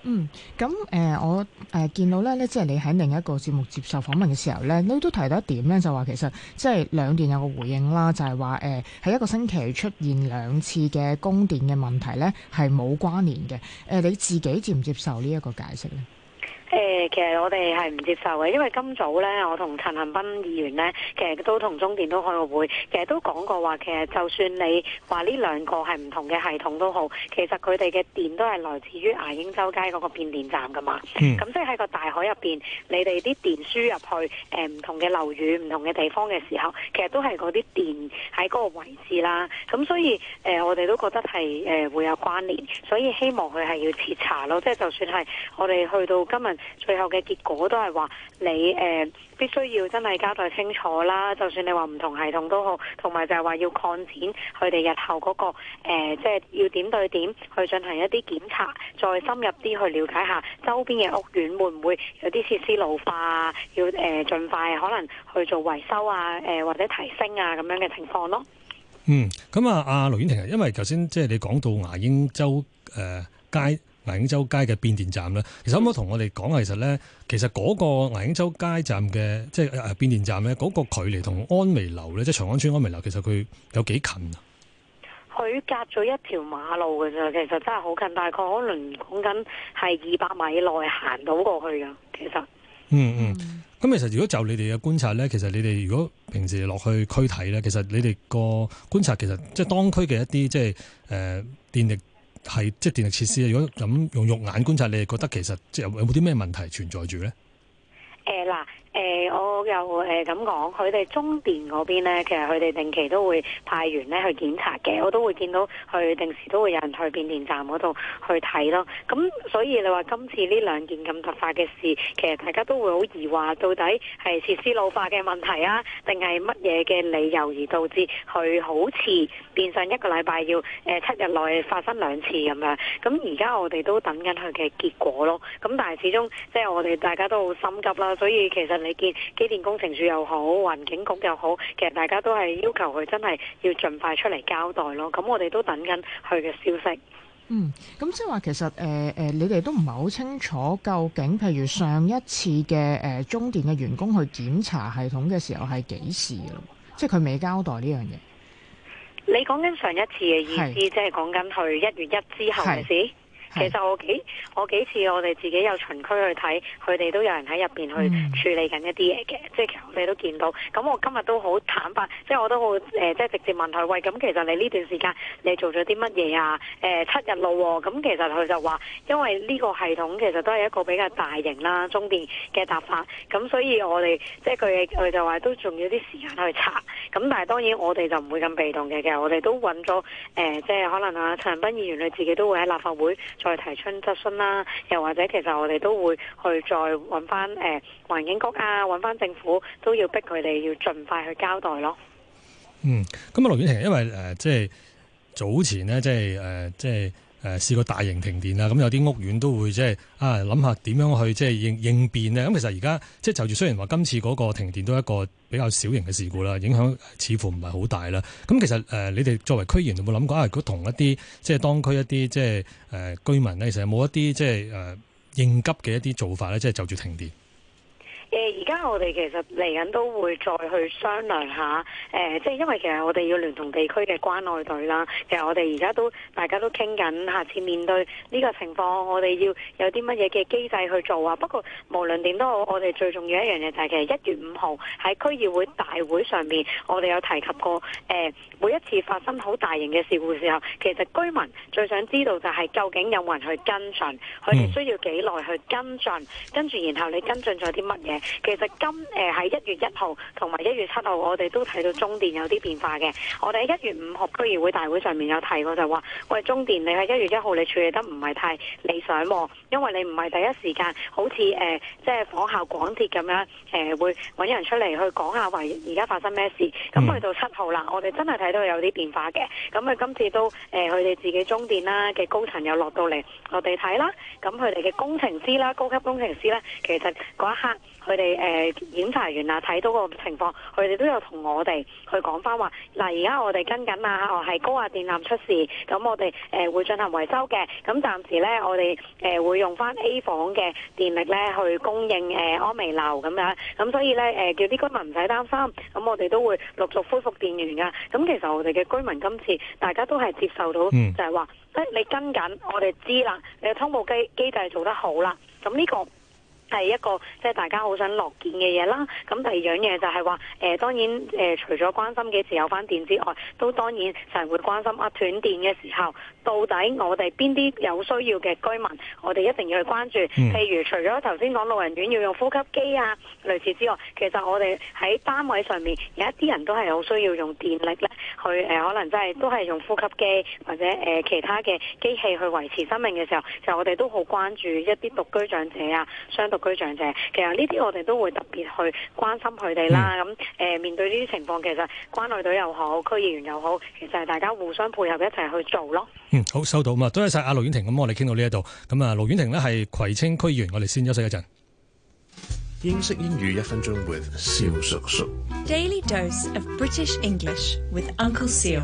嗯，咁誒、呃、我誒、呃、見到咧咧，即係你喺另一個節目接受訪問嘅時候咧，你都提到一點咧，就話其實即係兩電有個回應啦，就係話誒喺一個星期出現兩次嘅供電嘅問題咧，係冇關聯嘅。誒、呃、你自己接唔接受呢一個解釋咧？誒，其實我哋係唔接受嘅，因為今早咧，我同陳恒鑌議員咧，其實都同中電都開過會，其實都講過話，其實就算你話呢兩個係唔同嘅系統都好，其實佢哋嘅電都係來自於牙鷹洲街嗰個變電站噶嘛。咁、嗯、即係喺個大海入邊，你哋啲電輸入去誒唔、呃、同嘅樓宇，唔同嘅地方嘅時候，其實都係嗰啲電喺嗰個位置啦。咁所以誒、呃，我哋都覺得係誒、呃、會有關聯，所以希望佢係要徹查咯。即係就算係我哋去到今日。最後嘅結果都係話你誒、呃，必須要真係交代清楚啦。就算你話唔同系統都好，同埋就係話要擴展佢哋日後嗰、那個誒、呃，即係要點對點去進行一啲檢查，再深入啲去了解下周邊嘅屋苑會唔會有啲設施老化，要誒盡、呃、快可能去做維修啊，誒、呃、或者提升啊咁樣嘅情況咯嗯。嗯、咁、嗯、啊、阿、呃、盧婉婷啊，因為頭先即係你講到牙鷹洲誒、呃、街。銀景洲街嘅變電站咧，其實可唔可以同我哋講？其實咧，其實嗰個銀景洲街站嘅即係變電站咧，嗰個距離同安湄樓咧，即係長安邨安湄樓，其實佢有幾近啊？佢隔咗一條馬路嘅啫，其實真係好近，大概可能講緊係二百米內行到過去噶。其實，嗯嗯，咁、嗯、其實如果就你哋嘅觀察咧，其實你哋如果平時落去區睇咧，其實你哋個觀察其實即係當區嘅一啲即係誒電力。係即係電力設施，如果咁用肉眼觀察，你哋覺得其實即係有冇啲咩問題存在住咧？誒嗱、欸。誒、欸，我又誒咁講，佢、呃、哋中電嗰邊咧，其實佢哋定期都會派員咧去檢查嘅，我都會見到，佢定時都會有人去變電站嗰度去睇咯。咁、嗯、所以你話今次呢兩件咁突發嘅事，其實大家都會好疑惑，到底係設施老化嘅問題啊，定係乜嘢嘅理由而導致佢好似變相一個禮拜要誒、呃、七日內發生兩次咁樣？咁而家我哋都等緊佢嘅結果咯。咁、嗯、但係始終即係我哋大家都好心急啦，所以其實。你見機電工程署又好，環境局又好，其實大家都係要求佢真係要盡快出嚟交代咯。咁我哋都等緊佢嘅消息。嗯，咁即係話其實誒誒、呃呃，你哋都唔係好清楚究竟，譬如上一次嘅，誒、呃、中電嘅員工去檢查系統嘅時候係幾時，即係佢未交代呢樣嘢。你講緊上一次嘅意思，是即係講緊去一月一之後嘅事。嗯、其實我幾我幾次我哋自己有巡區去睇，佢哋都有人喺入邊去處理緊一啲嘢嘅，即我哋都見到。咁我今日都好坦白，即係我都好誒、呃，即係直接問佢：喂，咁其實你呢段時間你做咗啲乜嘢啊？誒、呃，七日了喎、哦。咁其實佢就話，因為呢個系統其實都係一個比較大型啦、中電嘅答法，咁所以我哋即係佢佢就話都仲要啲時間去查。咁但係當然我哋就唔會咁被動嘅，其實我哋都揾咗誒，即係可能啊陳斌彬議員佢自己都會喺立法會。再提出質詢啦，又或者其實我哋都會去再揾翻誒環境局啊，揾翻政府，都要逼佢哋要盡快去交代咯。嗯，咁、嗯、啊，盧婉婷，因為誒、呃，即係早前呢，即係誒、呃，即係。誒試過大型停電啦，咁有啲屋苑都會即係啊，諗下點樣去即係應應變咧。咁其實而家即係就住，雖然話今次嗰個停電都係一個比較小型嘅事故啦，影響似乎唔係好大啦。咁其實誒，你哋作為區員，有冇諗過啊？如果同一啲即係當區一啲即係誒居民呢，其實冇、呃啊、一啲即係誒、呃呃、應急嘅一啲做法咧，即係就住停電。誒，而家我哋其實嚟緊都會再去商量下，誒、呃，即係因為其實我哋要聯同地區嘅關愛隊啦。其實我哋而家都大家都傾緊，下次面對呢個情況，我哋要有啲乜嘢嘅機制去做啊。不過無論點都好，我哋最重要一樣嘢就係，其實一月五號喺區議會大會上面，我哋有提及過，誒、呃，每一次發生好大型嘅事故嘅時候，其實居民最想知道就係究竟有冇人去跟進，佢哋需要幾耐去跟進，跟住然後你跟進咗啲乜嘢？其實今誒喺一月一號同埋一月七號，我哋都睇到中電有啲變化嘅。我哋喺一月五號區議會大會上面有提過就，就話喂，中電你喺一月一號你處理得唔係太理想，哦，因為你唔係第一時間好似誒即係仿效港鐵咁樣誒、呃、會搵人出嚟去講下喂，而家發生咩事。咁去、嗯、到七號啦，我哋真係睇到有啲變化嘅。咁佢今次都誒佢哋自己中電啦，嘅高層又落到嚟落地睇啦。咁佢哋嘅工程師啦，高級工程師咧，其實嗰一刻佢哋誒檢查完啊，睇到個情況，佢哋都有同我哋去講翻話。嗱，而家我哋跟緊啊，我係高壓電纜出事，咁我哋誒會進行維修嘅。咁暫時咧，我哋誒會用翻 A 房嘅電力咧去供應誒安微樓。咁樣。咁所以咧誒，叫啲居民唔使擔心。咁我哋都會陸續恢復電源噶。咁其實我哋嘅居民今次大家都係接受到，就係話，你跟緊，我哋知啦。你通報機機制做得好啦。咁呢個，係一個即係大家好想樂見嘅嘢啦。咁第二樣嘢就係話，誒、呃、當然誒、呃、除咗關心幾時有翻電之外，都當然就係會關心啊斷電嘅時候，到底我哋邊啲有需要嘅居民，我哋一定要去關注。嗯、譬如除咗頭先講老人院要用呼吸機啊，類似之外，其實我哋喺單位上面有一啲人都係好需要用電力咧，去誒、呃、可能真、就、係、是、都係用呼吸機或者誒、呃、其他嘅機器去維持生命嘅時候，就我哋都好關注一啲獨居長者啊、雙獨長者，其實呢啲我哋都會特別去關心佢哋啦。咁誒、嗯呃，面對呢啲情況，其實關愛隊又好，區議員又好，其實係大家互相配合一齊去做咯。嗯，好，收到。啊，多謝晒阿盧婉婷。咁我哋傾到呢一度。咁啊，盧婉婷咧係葵青區議員。我哋先休息一陣。英式英語一分鐘，with 蕭叔叔。So. Daily dose of British English with Uncle Seal。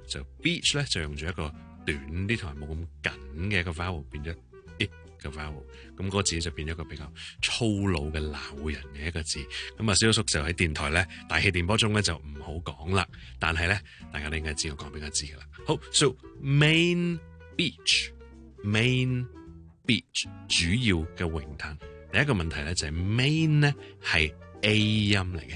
就 beach 咧就用住一個短啲同埋冇咁緊嘅一個 vowel 變咗 it 嘅 vowel，咁嗰個字就變咗一個比較粗魯嘅鬧人嘅一個字。咁啊蕭叔就喺電台咧大氣電波中咧就唔好講啦，但係咧大家都應該知我講邊個字噶啦。好，so main beach main beach 主要嘅泳灘。第一個問題咧就係 main 咧係 a 音嚟嘅。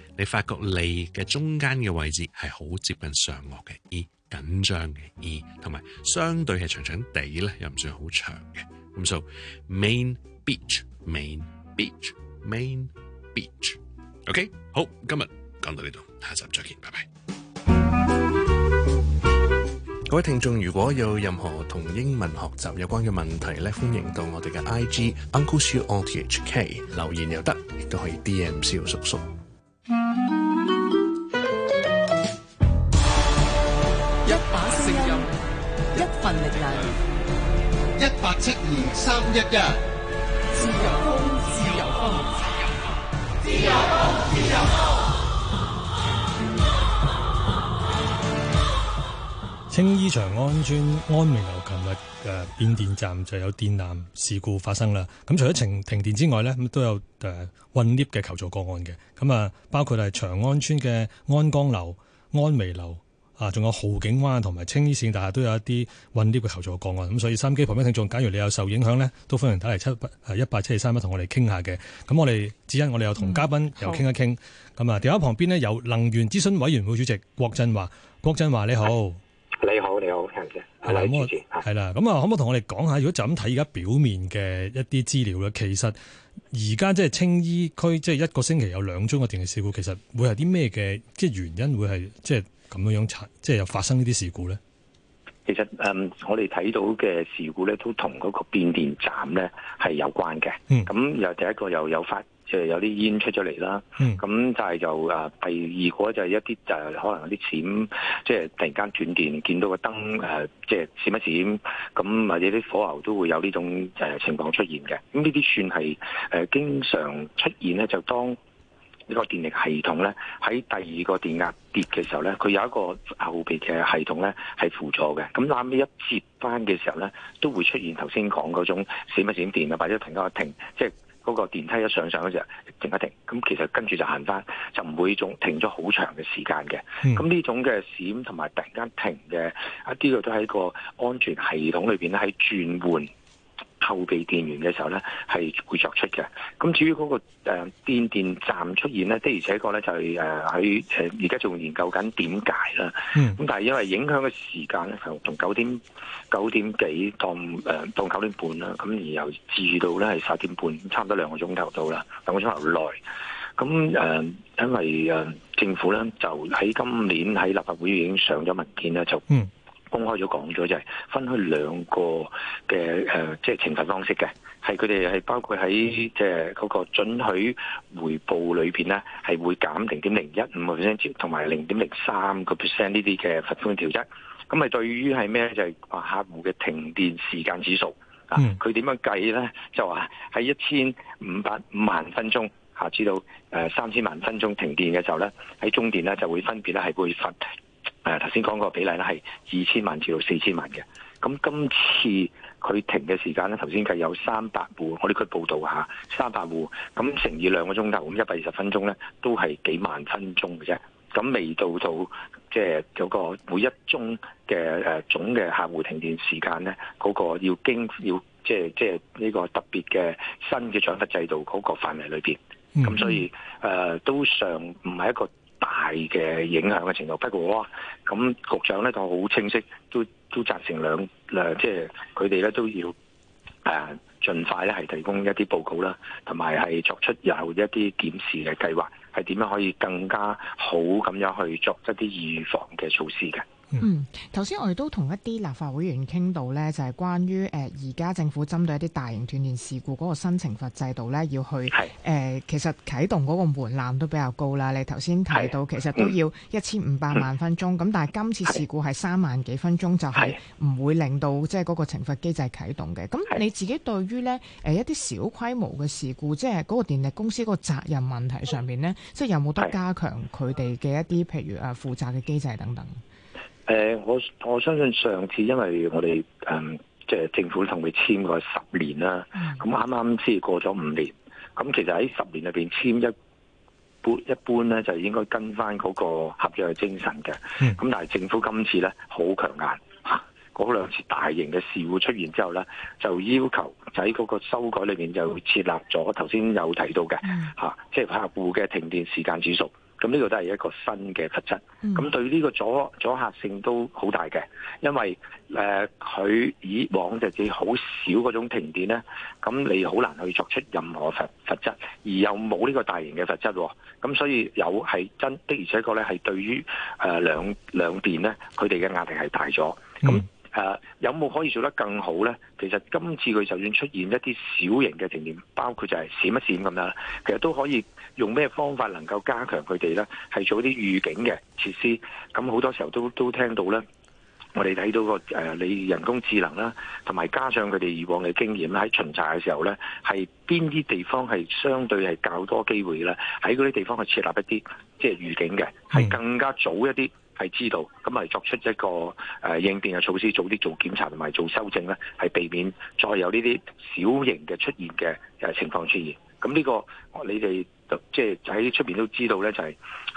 你發覺脷嘅中間嘅位置係好接近上腭嘅，E，緊張嘅，E，同埋相對係長長地咧，又唔算好長嘅。咁所以 Main Beach，Main Beach，Main Beach。Beach, beach. OK，好，今日講到呢度，下集再見，拜拜。各位聽眾，如果有任何同英文學習有關嘅問題咧，歡迎到我哋嘅 I G Uncle Siu on T H K 留言又得，亦都可以 D M 小叔叔。七二三一日，自由風，自由風，自由風，自由風，自由風。青衣長安村安眉樓，琴日嘅、呃、變電站就有電纜事故發生啦。咁、嗯、除咗停停電之外呢，咁、嗯、都有誒困 𨋢 嘅求助個案嘅。咁、嗯、啊，包括係長安村嘅安江樓、安眉樓。啊！仲有豪景灣同埋青衣線，大廈都有一啲混疊嘅求助個案咁，所以收音機旁邊聽眾，假如你有受影響呢，都歡迎打嚟七一八七二三一同我哋傾下嘅。咁我哋只因我哋有同嘉賓又傾一傾咁啊。電話，嗯嗯、旁邊呢，有能源諮詢委員會主席郭振華。郭振華你好，你好，你好你好，聽係啦，咁啊，可唔可以同我哋講下？如果就咁睇，而家表面嘅一啲資料咧，其實而家即係青衣區，即係一個星期有兩宗嘅電力事故，其實會係啲咩嘅？即係原因會係、就是、即係。咁樣樣即係又發生呢啲事故咧？其實誒、嗯，我哋睇到嘅事故咧，都同嗰個變電站咧係有關嘅。咁又、嗯、第一個又有發，即、就、係、是、有啲煙出咗嚟啦。咁但係就誒、是，第二個就係一啲就可能有啲閃，即係突然間斷電，見到個燈誒，即係閃一閃。咁或者啲火牛都會有呢種誒、呃、情況出現嘅。咁呢啲算係誒、呃、經常出現咧，就當。呢個電力系統咧，喺第二個電壓跌嘅時候咧，佢有一個後備嘅系統咧係輔助嘅。咁攬尾一接翻嘅時候咧，都會出現頭先講嗰種閃一閃電啊，或者停一停，即係嗰個電梯一上上嗰陣停一停。咁其實跟住就行翻，就唔會仲停咗好長嘅時間嘅。咁呢種嘅閃同埋突然間停嘅一啲嘅都喺個安全系統裏邊咧喺轉換，後備電源嘅時候咧，係會作出嘅。咁至於嗰、那個誒變、呃、電、電站出現咧，的而且確咧就係誒喺誒而家仲研究緊點解啦。咁、嗯、但係因為影響嘅時間咧，就從九點九點幾當誒、呃、當九點半啦，咁而由至到咧係十點半，差唔多兩個鐘頭到啦，兩個鐘頭內。咁誒、呃、因為誒、呃、政府咧就喺今年喺立法會已經上咗文件咧就。嗯公開咗講咗就係分開兩個嘅誒，即、呃、係、就是、懲罰方式嘅，係佢哋係包括喺即係嗰個準許回報裏邊咧，係會減零點零一五個 percent 同埋零點零三個 percent 呢啲嘅罰款條則。咁係對於係咩咧？就係、是、話客戶嘅停電時間指數啊，佢點樣計咧？就話喺一千五百五萬分鐘下至到誒三千萬分鐘停電嘅時候咧，喺中電咧就會分別咧係會罰。誒頭先講個比例咧係二千萬至到四千萬嘅，咁今次佢停嘅時間咧，頭先計有三百戶，我哋呢個報道下，三百戶，咁乘以兩個鐘頭，咁一百二十分鐘咧，都係幾萬分鐘嘅啫。咁未到到即係嗰個每一宗嘅誒總嘅客戶停電時間咧，嗰個要經要即係即係呢個特別嘅新嘅獎罰制度嗰個範圍裏邊，咁所以誒都尚唔係一個，大嘅影響嘅程度，不過咁、嗯、局長咧就好清晰，都都責成兩兩，即係佢哋咧都要誒，盡、呃、快咧係提供一啲報告啦，同埋係作出有一啲檢視嘅計劃，係點樣可以更加好咁樣去作一啲預防嘅措施嘅。嗯，頭先我哋都同一啲立法會員傾到呢，就係、是、關於誒而家政府針對一啲大型斷電事故嗰個新懲罰制度呢，要去誒是、呃，其實啟動嗰個門檻都比較高啦。你頭先提到其實都要一千五百萬分鐘，咁是但係今次事故係三萬幾分鐘，就係、是、唔會令到即係嗰個懲罰機制啟動嘅。咁你自己對於呢誒、呃、一啲小規模嘅事故，即係嗰個電力公司嗰個責任問題上面呢，是即係有冇得加強佢哋嘅一啲譬如誒負、啊、責嘅機制等等？誒、呃，我我相信上次因為我哋誒，即、嗯、係、就是、政府同佢簽過十年啦，咁啱啱先過咗五年，咁其實喺十年裏邊簽一般一般咧，就應該跟翻嗰個合約精神嘅，咁但係政府今次咧好強硬，嗰、啊、兩次大型嘅事故出現之後咧，就要求喺嗰個修改裏邊就設立咗，頭先有提到嘅，吓即係客戶嘅停電時間指數。咁呢個都係一個新嘅實質，咁對呢個阻阻嚇性都好大嘅，因為誒佢以往就只好少嗰種停電咧，咁你好難去作出任何實實質，而又冇呢個大型嘅實質，咁所以有係真的，而且個咧係對於誒兩兩電咧，佢哋嘅壓力係大咗，咁。誒、啊、有冇可以做得更好咧？其實今次佢就算出現一啲小型嘅停電，包括就係閃一閃咁啦，其實都可以用咩方法能夠加強佢哋咧？係做啲預警嘅設施，咁、嗯、好多時候都都聽到咧。我哋睇到個誒、呃，你人工智能啦、啊，同埋加上佢哋以往嘅經驗喺巡查嘅時候咧，係邊啲地方係相對係較多機會咧？喺嗰啲地方去設立一啲即係預警嘅，係更加早一啲。係知道，咁係作出一個誒、呃、應變嘅措施，早啲做檢查同埋做修正咧，係避免再有呢啲小型嘅出現嘅誒、呃、情況出現。咁呢、呢個你哋即係喺出邊都知道咧，就係、是、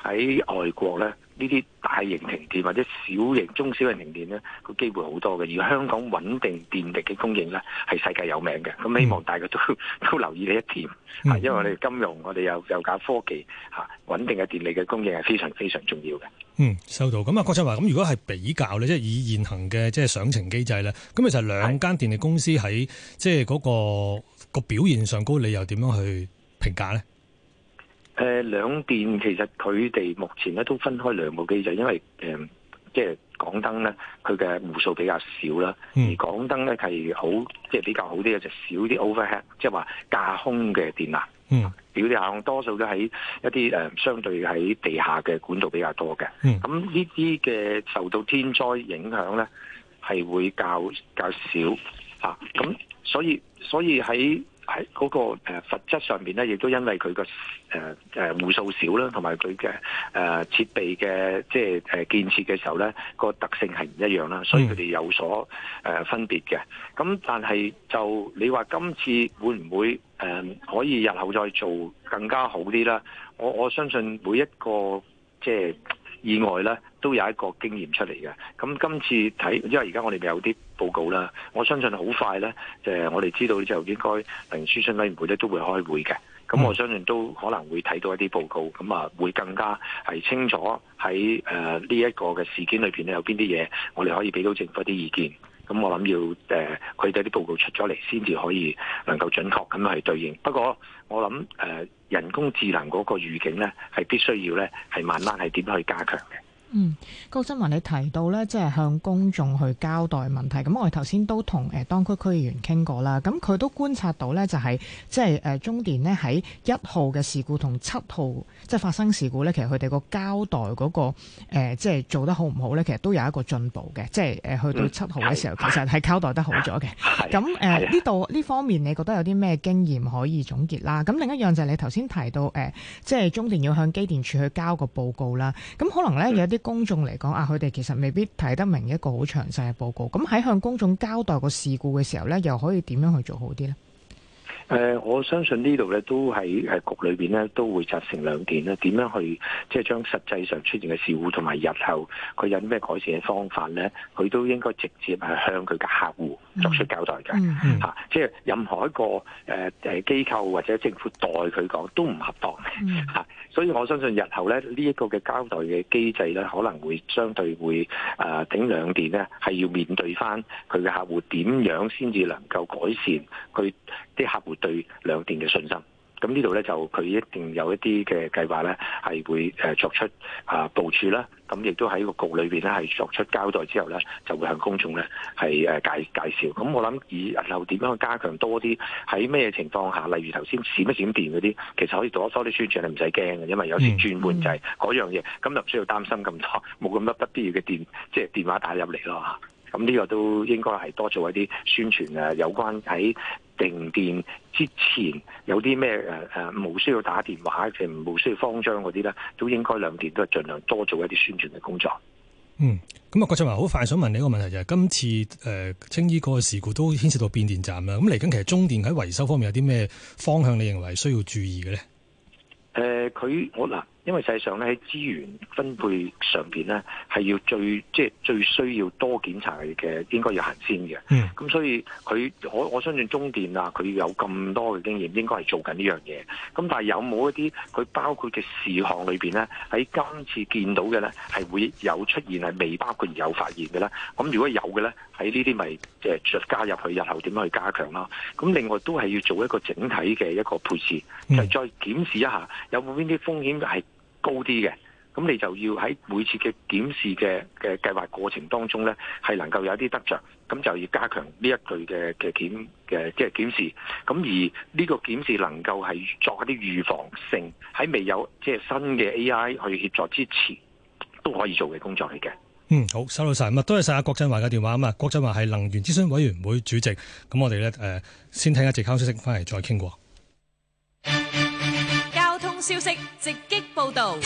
喺外國咧呢啲大型停電或者小型中小型停電咧，個機會好多嘅。而香港穩定電力嘅供應咧係世界有名嘅。咁希望大家都、嗯、都留意呢一點啊，嗯、因為我哋金融，我哋又又搞科技嚇、啊，穩定嘅電力嘅供應係非常非常重要嘅。嗯，收到。咁啊，郭振華，咁如果係比較咧，即係以現行嘅即係獎懲機制咧，咁其實兩間電力公司喺即係嗰個個表現上高，你又點樣去評價咧？誒，兩電其實佢哋目前咧都分開兩個機制，因為誒、呃，即係港燈咧，佢嘅戶數比較少啦，而港燈咧係好即係比較好啲嘅，就是、少啲 overhead，即係話架空嘅電纜。嗯，表地下多數都喺一啲誒、呃、相對喺地下嘅管道比較多嘅，咁呢啲嘅受到天災影響咧，係會較較少吓，咁、啊、所以所以喺。喺嗰、那個誒實、呃、質上面咧，亦都因為佢個誒誒戶數少啦，同埋佢嘅誒設備嘅即係誒建設嘅時候咧，個特性係唔一樣啦，所以佢哋有所誒、呃、分別嘅。咁但係就你話今次會唔會誒、呃、可以日後再做更加好啲啦？我我相信每一個即係。意外咧都有一個經驗出嚟嘅，咁今次睇，因為而家我哋咪有啲報告啦，我相信好快咧，就是、我哋知道之後應該連書信委員會咧都會開會嘅，咁我相信都可能會睇到一啲報告，咁啊會更加係清楚喺誒呢一個嘅事件裏邊咧有邊啲嘢，我哋可以俾到政府啲意見，咁我諗要誒佢哋啲報告出咗嚟，先至可以能夠準確咁去對應。不過我諗誒。呃人工智能嗰個預警咧，係必須要咧，係慢慢係點去加強嘅。嗯，郭振華，你提到咧，即係向公眾去交代問題。咁我哋頭先都同誒、呃，當區區議員傾過啦。咁佢都觀察到咧，就係即係誒，中電呢，喺一號嘅事故同七號即係發生事故咧，其實佢哋個交代嗰、那個誒、呃，即係做得好唔好咧，其實都有一個進步嘅。即係誒、呃，去到七號嘅時候，嗯、其實係交代得好咗嘅。咁誒、嗯，呢度呢方面你覺得有啲咩經驗可以總結啦？咁另一樣就係你頭先提到誒、呃，即係中電要向機電處去交個報告啦。咁可能咧有啲。嗯公眾嚟講啊，佢哋其實未必睇得明一個好詳細嘅報告。咁喺向公眾交代個事故嘅時候呢，又可以點樣去做好啲呢？誒、呃，我相信呢度咧都喺誒局裏邊咧都會扎成兩點啦。點樣去即係將實際上出現嘅事故同埋日後佢有咩改善嘅方法咧，佢都應該直接係向佢嘅客戶作出交代嘅。吓、mm hmm. 啊。即係任何一個誒誒機構或者政府代佢講都唔恰當吓。所以我相信日後咧呢一、這個嘅交代嘅機制咧，可能會相對會誒頂、呃、兩點咧係要面對翻佢嘅客戶點樣先至能夠改善佢。啲客戶對兩電嘅信心，咁呢度咧就佢一定有一啲嘅計劃咧，係會誒、呃、作出啊、呃、部署啦。咁亦都喺個局裏邊咧係作出交代之後咧，就會向公眾咧係誒介介紹。咁、呃、我諗以人流點樣去加強多啲，喺咩情況下，例如頭先閃一閃電嗰啲，其實可以做多啲宣傳，你唔使驚嘅，因為有時轉換就係嗰樣嘢，咁、嗯嗯、就唔需要擔心咁多，冇咁多不必要嘅電，即、就、係、是、電話打入嚟咯。咁呢個都應該係多做一啲宣傳誒，有關喺停電之前有啲咩誒誒，冇、呃、需要打電話嘅，冇需要慌張嗰啲咧，都應該兩電都係盡量多做一啲宣傳嘅工作。嗯、咁、嗯、啊，郭振華好快想問你一個問題就係，今次誒青、呃、衣個事故都牽涉到變電站啦。咁嚟緊其實中電喺維修方面有啲咩方向，你認為需要注意嘅咧？誒、呃，佢我。因為實際上咧喺資源分配上邊咧，係要最即係、就是、最需要多檢查嘅，應該要行先嘅。咁、嗯、所以佢我我相信中電啊，佢有咁多嘅經驗，應該係做緊呢樣嘢。咁但係有冇一啲佢包括嘅事項裏邊咧，喺今次見到嘅咧，係會有出現係未包括而有發現嘅咧？咁如果有嘅咧，喺呢啲咪誒加入去日後點樣去加強咯？咁另外都係要做一個整體嘅一個配置，就係、再檢視一下有冇邊啲風險係高啲嘅，咁你就要喺每次嘅檢視嘅嘅計劃過程當中呢，係能夠有啲得着，咁就要加強呢一句嘅嘅檢嘅即係檢視，咁而呢個檢視能夠係作一啲預防性，喺未有即係新嘅 AI 去協助之前，都可以做嘅工作嚟嘅。嗯，好，收到晒，咁啊，多謝晒阿郭振華嘅電話，啊，郭振華係能源諮詢委員會主席，咁我哋呢，誒、呃，先睇下其他消息，翻嚟再傾過。消息直擊報導。